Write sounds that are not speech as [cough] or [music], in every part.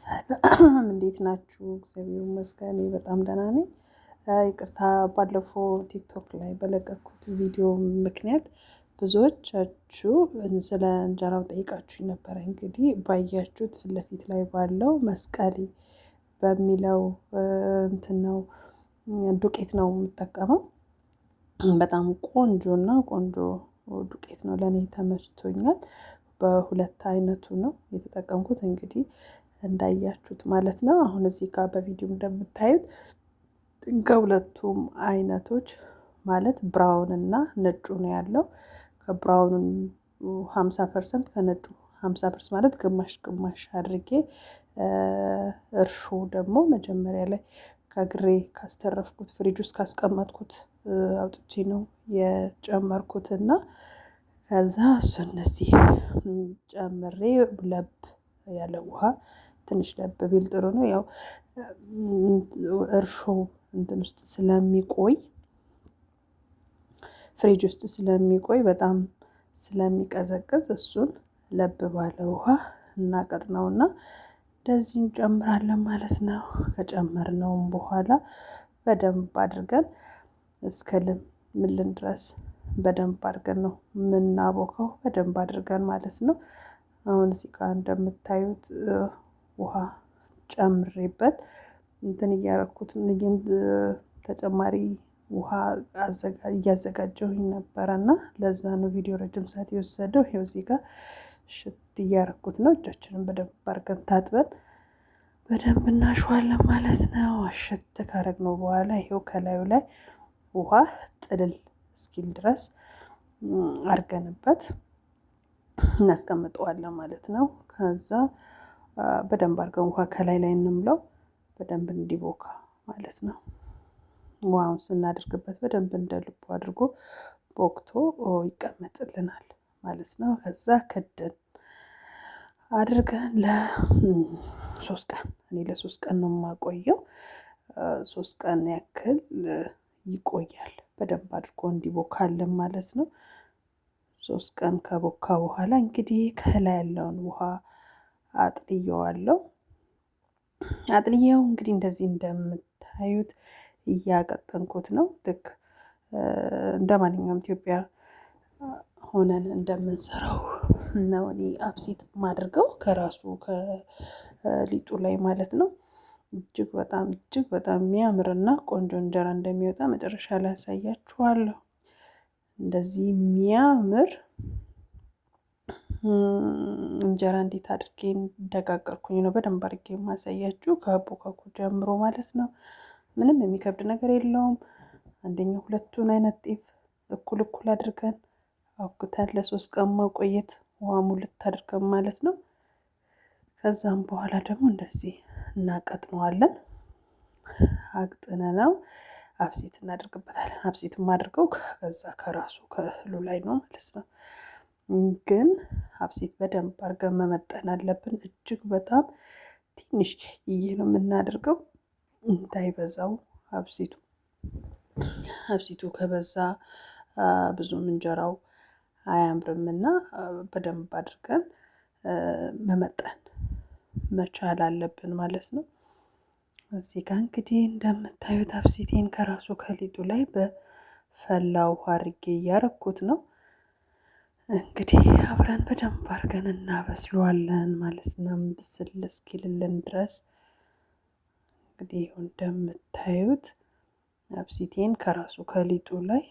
ሰላም እንዴት ናችሁ? እግዚአብሔር ይመስገን በጣም ደህና ነኝ። ይቅርታ ባለፈው ቲክቶክ ላይ በለቀኩት ቪዲዮ ምክንያት ብዙዎቻችሁ ስለ እንጀራው ጠይቃችሁ ነበረ። እንግዲህ ባያችሁት ፊት ለፊት ላይ ባለው መስቀሌ በሚለው እንትን ነው ዱቄት ነው የምጠቀመው። በጣም ቆንጆ እና ቆንጆ ዱቄት ነው፣ ለእኔ ተመችቶኛል። በሁለት አይነቱ ነው የተጠቀምኩት እንግዲህ እንዳያችሁት ማለት ነው። አሁን እዚህ ጋር በቪዲዮ እንደምታዩት ከሁለቱም አይነቶች ማለት ብራውን እና ነጩ ነው ያለው። ከብራውኑ ሀምሳ ፐርሰንት ከነጩ ሀምሳ ፐርሰንት ማለት ግማሽ ግማሽ አድርጌ እርሾ ደግሞ መጀመሪያ ላይ ከግሬ ካስተረፍኩት ፍሪጅ ውስጥ ካስቀመጥኩት አውጥቼ ነው የጨመርኩት እና ከዛ እሱ እነዚህ ጨምሬ ለብ ያለ ውሃ ትንሽ ለብ ቢል ጥሩ ነው። ያው እርሾው እንትን ውስጥ ስለሚቆይ ፍሪጅ ውስጥ ስለሚቆይ በጣም ስለሚቀዘቅዝ እሱን ለብ ባለ ውሃ እና እንደዚህ እንጨምራለን ማለት ነው። ከጨመርነውም በኋላ በደንብ አድርገን እስከ ልምልን ድረስ በደንብ አድርገን ነው የምናቦከው። በደንብ አድርገን ማለት ነው። አሁን እዚህ ጋር እንደምታዩት ውሃ ጨምሬበት እንትን እያረኩት ግን ተጨማሪ ውሃ እያዘጋጀሁኝ ነበረ እና ለዛ ነው ቪዲዮ ረጅም ሰዓት የወሰደው። ይኸው እዚህ ጋር ሽት እያረኩት ነው። እጃችንን በደንብ አድርገን ታጥበን በደንብ እናሸዋለን ማለት ነው። አሸት ካረግነው በኋላ ይኸው ከላዩ ላይ ውሃ ጥልል እስኪል ድረስ አድርገንበት እናስቀምጠዋለን ማለት ነው ከዛ በደንብ አድርገን ውሃ ከላይ ላይ እንምለው፣ በደንብ እንዲቦካ ማለት ነው። ውሃውን ስናደርግበት በደንብ እንደ ልቡ አድርጎ ቦክቶ ይቀመጥልናል ማለት ነው። ከዛ ክድን አድርገን ለሶስት ቀን እኔ ለሶስት ቀን ነው የማቆየው። ሶስት ቀን ያክል ይቆያል በደንብ አድርጎ እንዲቦካልን ማለት ነው። ሶስት ቀን ከቦካ በኋላ እንግዲህ ከላይ ያለውን ውሃ አጥልየዋለሁ። አጥልየው እንግዲህ እንደዚህ እንደምታዩት እያቀጠንኩት ነው። ልክ እንደ ማንኛውም ኢትዮጵያ ሆነን እንደምንሰራው ነው። እኔ አብሴት ማድርገው ከራሱ ከሊጡ ላይ ማለት ነው። እጅግ በጣም እጅግ በጣም የሚያምርና ቆንጆ እንጀራ እንደሚወጣ መጨረሻ ላይ ያሳያችኋለሁ። እንደዚህ የሚያምር እንጀራ እንዴት አድርጌ እንደጋገርኩኝ ነው በደንብ አድርጌ የማሳያችሁ ከአቦካኩ ጀምሮ ማለት ነው። ምንም የሚከብድ ነገር የለውም። አንደኛ ሁለቱን አይነት ጤፍ እኩል እኩል አድርገን አውክተን ለሶስት ቀን ማቆየት ውሃ ሙልት አድርገን ማለት ነው። ከዛም በኋላ ደግሞ እንደዚህ እናቀጥነዋለን። ነው አብሲት እናደርግበታለን። አብሲት የማድርገው ከዛ ከራሱ ከእህሉ ላይ ነው ማለት ነው። ግን ሀብሴት በደንብ አድርገን መመጠን አለብን። እጅግ በጣም ትንሽ ይዬ ነው የምናደርገው እንዳይበዛው ሀብሴቱ ሀብሴቱ ከበዛ ብዙም እንጀራው አያምርም እና በደንብ አድርገን መመጠን መቻል አለብን ማለት ነው። እዚህ እንግዲህ እንደምታዩት ሀብሴቴን ከራሱ ከሊጡ ላይ በፈላ ውሃ አድርጌ እያረኩት ነው። እንግዲህ አብረን በደንብ አድርገን እናበስለዋለን ማለት ነው። ብስል እስኪልልን ድረስ እንግዲህ እንደምታዩት አብሲቴን ከራሱ ከሊጡ ላይ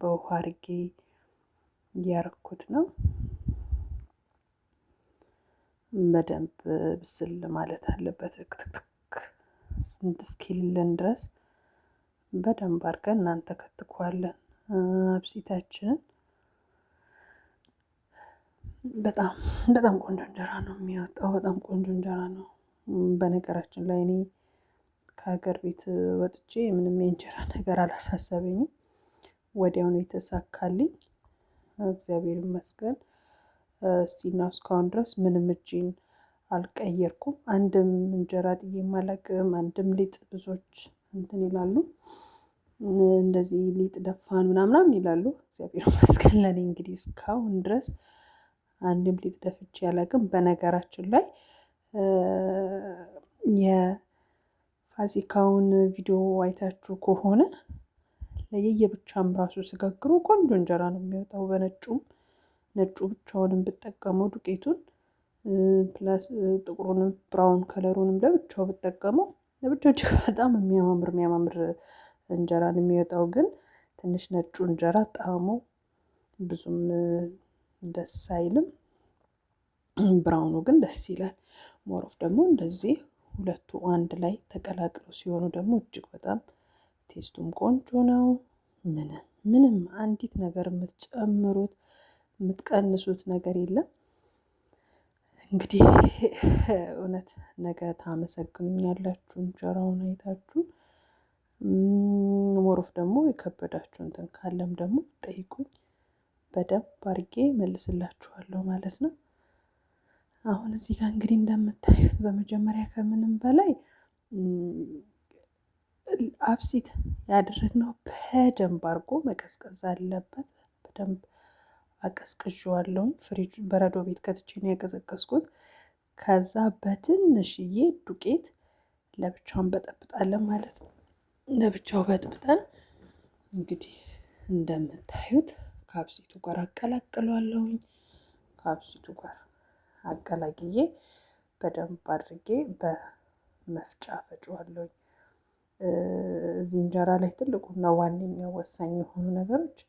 በውሃ አድርጌ እያረኩት ነው። በደንብ ብስል ማለት አለበት። ክትክትክ ስንት እስኪልልን ድረስ በደንብ አድርገን ከትኳለን አብሲታችንን በጣም በጣም ቆንጆ እንጀራ ነው የሚወጣው። በጣም ቆንጆ እንጀራ ነው። በነገራችን ላይ እኔ ከሀገር ቤት ወጥቼ ምንም የእንጀራ ነገር አላሳሰበኝም። ወዲያውኑ የተሳካልኝ እግዚአብሔር ይመስገን። እስቲና እስካሁን ድረስ ምንም እጅን አልቀየርኩም። አንድም እንጀራ ጥዬ አላውቅም። አንድም ሊጥ ብዙዎች እንትን ይላሉ፣ እንደዚህ ሊጥ ደፋን ምናምናም ይላሉ። እግዚአብሔር ይመስገን ለእኔ እንግዲህ እስካሁን ድረስ አንድም ሊጥ ደፍቼ አላውቅም። በነገራችን ላይ የፋሲካውን ቪዲዮ አይታችሁ ከሆነ ለየየብቻም ራሱ ስጋግሩ ቆንጆ እንጀራ ነው የሚወጣው። በነጩም ነጩ ብቻውንም ብጠቀመው ዱቄቱን ፕላስ ጥቁሩንም ብራውን ከለሩንም ለብቻው ብጠቀመው ለብቻው እጅግ [laughs] በጣም የሚያማምር የሚያማምር እንጀራ ነው የሚወጣው። ግን ትንሽ ነጩ እንጀራ ጣዕሙ ብዙም ደስ አይልም። ብራውኑ ግን ደስ ይላል። ሞሮፍ ደግሞ እንደዚህ ሁለቱ አንድ ላይ ተቀላቅለው ሲሆኑ ደግሞ እጅግ በጣም ቴስቱም ቆንጆ ነው። ምንም ምንም አንዲት ነገር የምትጨምሩት የምትቀንሱት ነገር የለም። እንግዲህ እውነት ነገ ታመሰግኑኛላችሁ እንጀራውን አይታችሁ። ሞሮፍ ደግሞ የከበዳችሁ እንትን ካለም ደግሞ ጠይቁኝ። በደንብ አድርጌ መልስላችኋለሁ ማለት ነው። አሁን እዚህ ጋር እንግዲህ እንደምታዩት በመጀመሪያ ከምንም በላይ አብሲት ያደረግነው በደንብ አድርጎ መቀዝቀዝ አለበት። በደንብ አቀዝቅዤዋለሁኝ። ፍሪጅ በረዶ ቤት ከትቼ ነው ያቀዘቀዝኩት። ከዛ በትንሽዬ ዱቄት ለብቻውን በጠብጣለን ማለት ነው። ለብቻው በጥብጠን እንግዲህ እንደምታዩት ከአብሲቱ ጋር አቀላቅለዋለሁኝ። ከአብሲቱ ጋር አቀላቅዬ በደንብ አድርጌ በመፍጫ ፈጭዋለሁኝ። እዚህ እንጀራ ላይ ትልቁና ዋነኛው ወሳኝ የሆኑ ነገሮች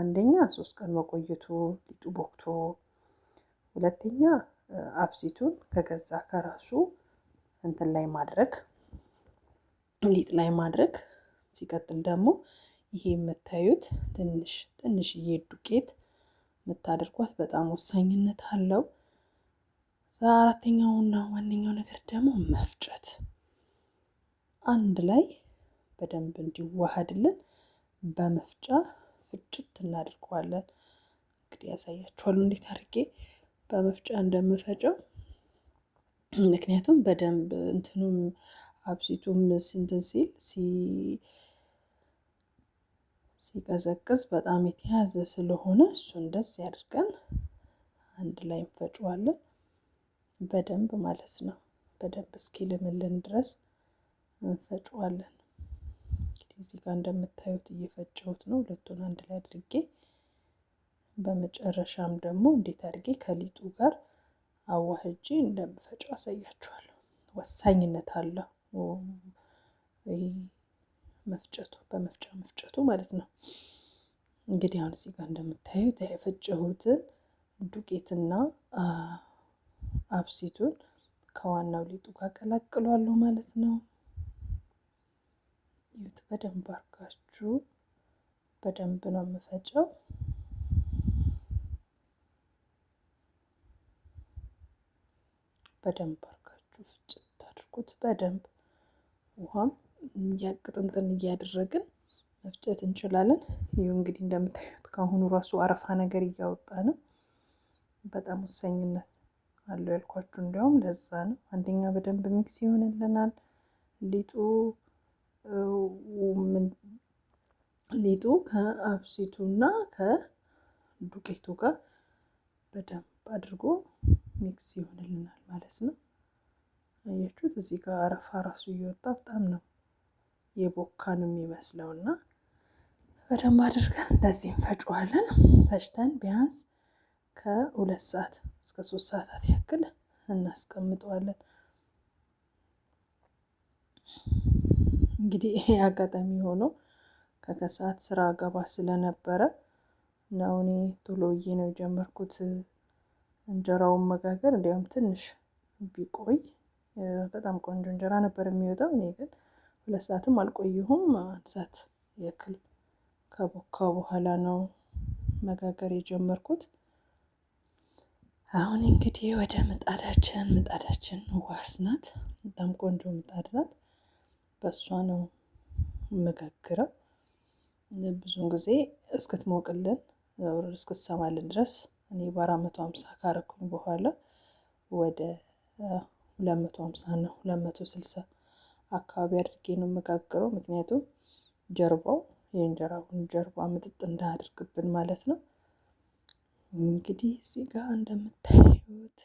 አንደኛ ሶስት ቀን መቆየቱ ሊጡ ቦክቶ፣ ሁለተኛ አብሲቱን ከገዛ ከራሱ እንትን ላይ ማድረግ ሊጥ ላይ ማድረግ፣ ሲቀጥል ደግሞ ይሄ የምታዩት ትንሽ ትንሽዬ ዱቄት የምታደርጓት በጣም ወሳኝነት አለው። አራተኛውና ዋነኛው ነገር ደግሞ መፍጨት አንድ ላይ በደንብ እንዲዋሃድልን በመፍጫ ፍጭት እናደርገዋለን። እንግዲህ ያሳያችኋሉ እንዴት አድርጌ በመፍጫ እንደምፈጨው። ምክንያቱም በደንብ እንትኑም አብሲቱም ስንትን ሲል ሲቀዘቅዝ በጣም የተያዘ ስለሆነ እሱን ደስ ያድርገን አንድ ላይ እንፈጨዋለን በደንብ ማለት ነው። በደንብ እስኪልምልን ድረስ እንፈጨዋለን። እንግዲህ እዚህ ጋር እንደምታዩት እየፈጨሁት ነው፣ ሁለቱን አንድ ላይ አድርጌ በመጨረሻም ደግሞ እንዴት አድርጌ ከሊጡ ጋር አዋህጂ እንደምፈጨው አሳያችኋለሁ። ወሳኝነት አለው። መፍጨቱ በመፍጫ መፍጨቱ ማለት ነው። እንግዲህ አሁን እዚህ ጋር እንደምታዩት የፈጨሁትን ዱቄትና አብሲቱን ከዋናው ሊጡ ጋር ቀላቅሏለሁ ማለት ነው። በደንብ አርጋችሁ በደንብ ነው የምፈጨው። በደንብ አርጋችሁ ፍጭት አድርጉት። በደንብ ውሃም እያቅጥንጥን እያደረግን መፍጨት እንችላለን። ይህ እንግዲህ እንደምታዩት ከአሁኑ ራሱ አረፋ ነገር እያወጣ ነው። በጣም ወሳኝነት አለው ያልኳችሁ እንዲያውም ለዛ ነው። አንደኛ በደንብ ሚክስ ይሆንልናል ሊጡ ሊጡ ከአብሲቱ እና ከዱቄቱ ጋር በደንብ አድርጎ ሚክስ ይሆንልናል ማለት ነው። አያችሁት እዚህ ጋር አረፋ ራሱ እየወጣ በጣም ነው የቦካ ነው የሚመስለው እና በደንብ አድርገን እንደዚህ እንፈጨዋለን። ፈጭተን ቢያንስ ከሁለት ሰዓት እስከ ሶስት ሰዓታት ያክል እናስቀምጠዋለን። እንግዲህ ይሄ አጋጣሚ ሆኖ ከከሰዓት ስራ ገባ ስለነበረ ነው እኔ ቶሎ ነው የጀመርኩት እንጀራውን መጋገር። እንዲያውም ትንሽ ቢቆይ በጣም ቆንጆ እንጀራ ነበር የሚወጣው እኔ ግን ሁለት ሰዓትም አልቆየሁም። አንድ ሰዓት ያክል ከቦካ በኋላ ነው መጋገር የጀመርኩት። አሁን እንግዲህ ወደ ምጣዳችን ምጣዳችን ዋስ ናት። በጣም ቆንጆ ምጣድ ናት። በእሷ ነው መጋግረው። ብዙን ጊዜ እስክትሞቅልን እስክትሰማልን ድረስ እኔ በአራት መቶ ሀምሳ ካረኩኝ በኋላ ወደ ሁለት መቶ ሀምሳ ሁለት መቶ ስልሳ አካባቢ አድርጌ ነው የምጋግረው። ምክንያቱም ጀርባው የእንጀራውን ጀርባ ምጥጥ እንዳያደርግብን ማለት ነው። እንግዲህ እዚህ ጋር እንደምታዩት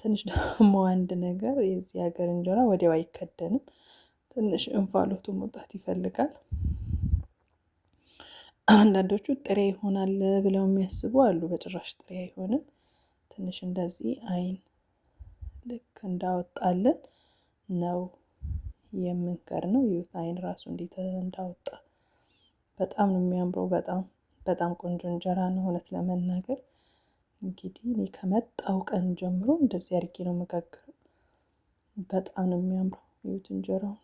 ትንሽ ደግሞ አንድ ነገር የዚህ ሀገር እንጀራ ወዲያው አይከደንም። ትንሽ እንፋሎቱ መውጣት ይፈልጋል። አንዳንዶቹ ጥሬ ይሆናል ብለው የሚያስቡ አሉ። በጭራሽ ጥሬ አይሆንም። ትንሽ እንደዚህ አይን ልክ እንዳወጣልን ነው የምንቀር ነው። ይህ አይን ራሱ እንዴት እንዳወጣ በጣም ነው የሚያምረው። በጣም በጣም ቆንጆ እንጀራ ነው እውነት ለመናገር እንግዲህ እኔ ከመጣው ቀን ጀምሮ እንደዚህ አድርጌ ነው መጋገረው። በጣም ነው የሚያምረው። ይሁት እንጀራውን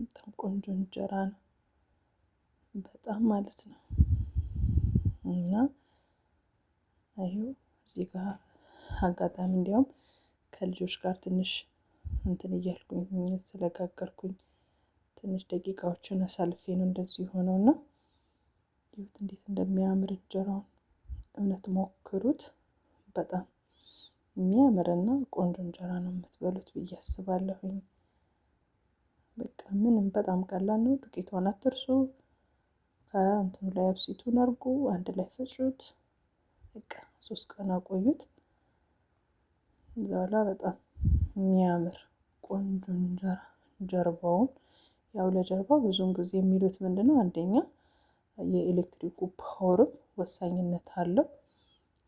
በጣም ቆንጆ እንጀራ ነው በጣም ማለት ነው። እና ይኸው እዚህ ጋር አጋጣሚ እንዲያውም ከልጆች ጋር ትንሽ እንትን እያልኩኝ ስለጋገርኩኝ ትንሽ ደቂቃዎችን አሳልፌ ነው እንደዚህ የሆነው እና ይሁት እንዴት እንደሚያምር እንጀራውን እውነት ሞክሩት። በጣም የሚያምርና ቆንጆ እንጀራ ነው የምትበሉት ብዬ አስባለሁኝ። በቃ ምንም በጣም ቀላል ነው። ዱቄቷን አትርሱ። ከእንትኑ ላይ አብሲቱን አርጉ። አንድ ላይ ፈጩት። በቃ ሶስት ቀን አቆዩት። እዛ በጣም የሚያምር ቆንጆ እንጀራ ጀርባውን ያው ለጀርባ ብዙውን ጊዜ የሚሉት ምንድነው አንደኛ የኤሌክትሪኩ ፓወርም ወሳኝነት አለው።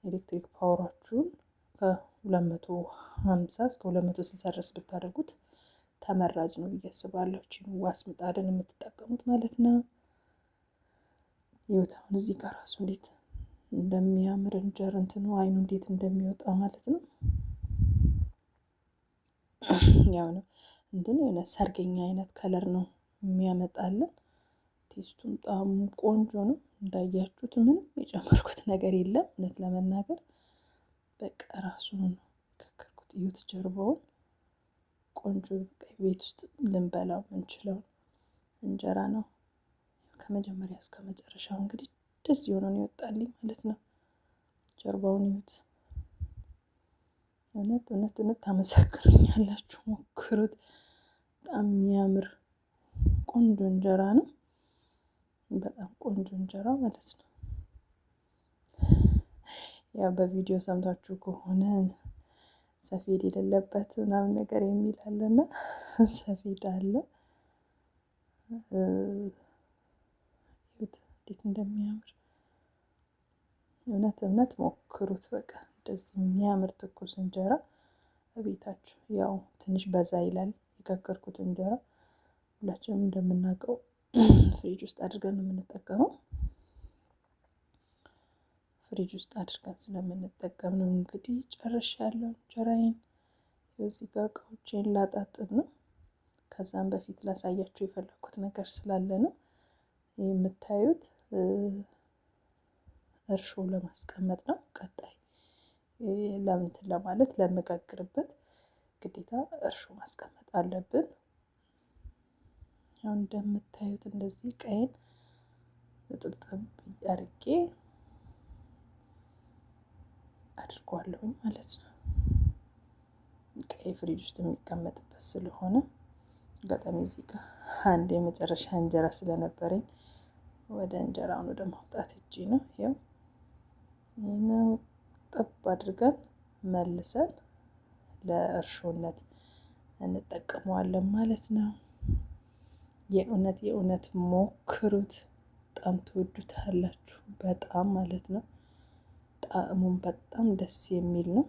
ኤሌክትሪክ ፓወራችሁን ከ250 እስከ 260 ድረስ ብታደርጉት ተመራጭ ነው ብዬ አስባለሁ። ዋስ ምጣድን የምትጠቀሙት ማለት ነው። ይኸውት እዚህ ጋር ራሱ እንዴት እንደሚያምር እንጀር እንትኑ አይኑ እንዴት እንደሚወጣ ማለት ነው። ያው ነው እንትን የሆነ ሰርገኛ አይነት ከለር ነው የሚያመጣልን። ቴስቱም ጣሙ ቆንጆ ነው። እንዳያችሁት ምንም የጨመርኩት ነገር የለም። እውነት ለመናገር በቃ ራሱን ነው ከከርኩት። እዩት ጀርባውን ቆንጆ በቃ ቤት ውስጥ ልንበላው ምንችለው እንጀራ ነው። ከመጀመሪያ እስከ መጨረሻው እንግዲህ ደስ የሆነ ነው ይወጣልኝ ማለት ነው። ጀርባውን ይዩት። እውነት እውነት እውነት ታመሰክሩኛላችሁ። ሞክሩት። በጣም የሚያምር ቆንጆ እንጀራ ነው። በጣም ቆንጆ እንጀራ ማለት ነው። ያው በቪዲዮ ሰምታችሁ ከሆነ ሰፌድ የሌለበት ምናምን ነገር የሚል አለና ሰፌድ አለ። እንዴት እንደሚያምር እውነት እውነት ሞክሩት በቃ ደስ የሚያምር ትኩስ እንጀራ ቤታችሁ ያው ትንሽ በዛ ይላል። የጋገርኩት እንጀራ ሁላችንም እንደምናውቀው ፍሪጅ ውስጥ አድርገን ነው የምንጠቀመው። ፍሪጅ ውስጥ አድርገን ስለምንጠቀም ነው እንግዲህ ጨርሻለሁ እንጀራዬን። እዚህ ጋር እቃዎቼን ላጣጥብ ነው። ከዛም በፊት ላሳያችሁ የፈለኩት ነገር ስላለ ነው። የምታዩት እርሾ ለማስቀመጥ ነው ቀጣይ ለምንትን ለማለት ለምጋግርበት ግዴታ እርሾ ማስቀመጥ አለብን። ያው እንደምታዩት እንደዚህ ቀይን ጥብጥብ አድርጌ አድርጓለሁኝ ማለት ነው። ቀይ ፍሪጅ ውስጥ የሚቀመጥበት ስለሆነ አጋጣሚ እዚህ ጋር አንድ የመጨረሻ እንጀራ ስለነበረኝ ወደ እንጀራውን ወደ ማውጣት እጅ ነው። ያው ጥብ አድርገን መልሰን ለእርሾነት እንጠቀመዋለን ማለት ነው። የእውነት የእውነት ሞክሩት፣ በጣም ትወዱታላችሁ። በጣም ማለት ነው። ጣዕሙን በጣም ደስ የሚል ነው።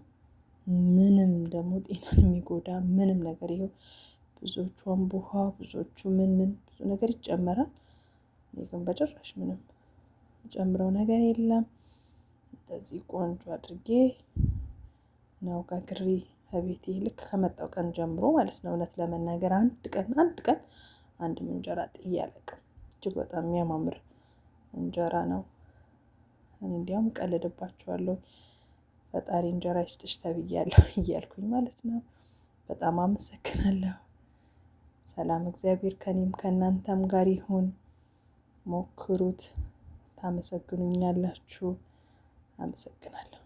ምንም ደግሞ ጤናን የሚጎዳ ምንም ነገር ይኸው ብዙዎቹ አምቦሃ ብዙዎቹ ምን ምን ብዙ ነገር ይጨመራል። ግን በጭራሽ ምንም ጨምረው ነገር የለም። እንደዚህ ቆንጆ አድርጌ ነው ጋግሬ ከቤቴ ልክ ከመጣው ቀን ጀምሮ ማለት ነው። እውነት ለመናገር አንድ ቀን አንድ ቀን አንድ እንጀራ ጥዬ እጅግ በጣም የሚያማምር እንጀራ ነው። እኔ እንዲያውም ቀልድባቸዋለሁ። ፈጣሪ እንጀራ ይስጥሽ ተብያለሁ [laughs] እያልኩኝ ማለት ነው። በጣም አመሰግናለሁ። ሰላም እግዚአብሔር ከኔም ከእናንተም ጋር ይሁን። ሞክሩት፣ ታመሰግኑኛላችሁ። አመሰግናለሁ።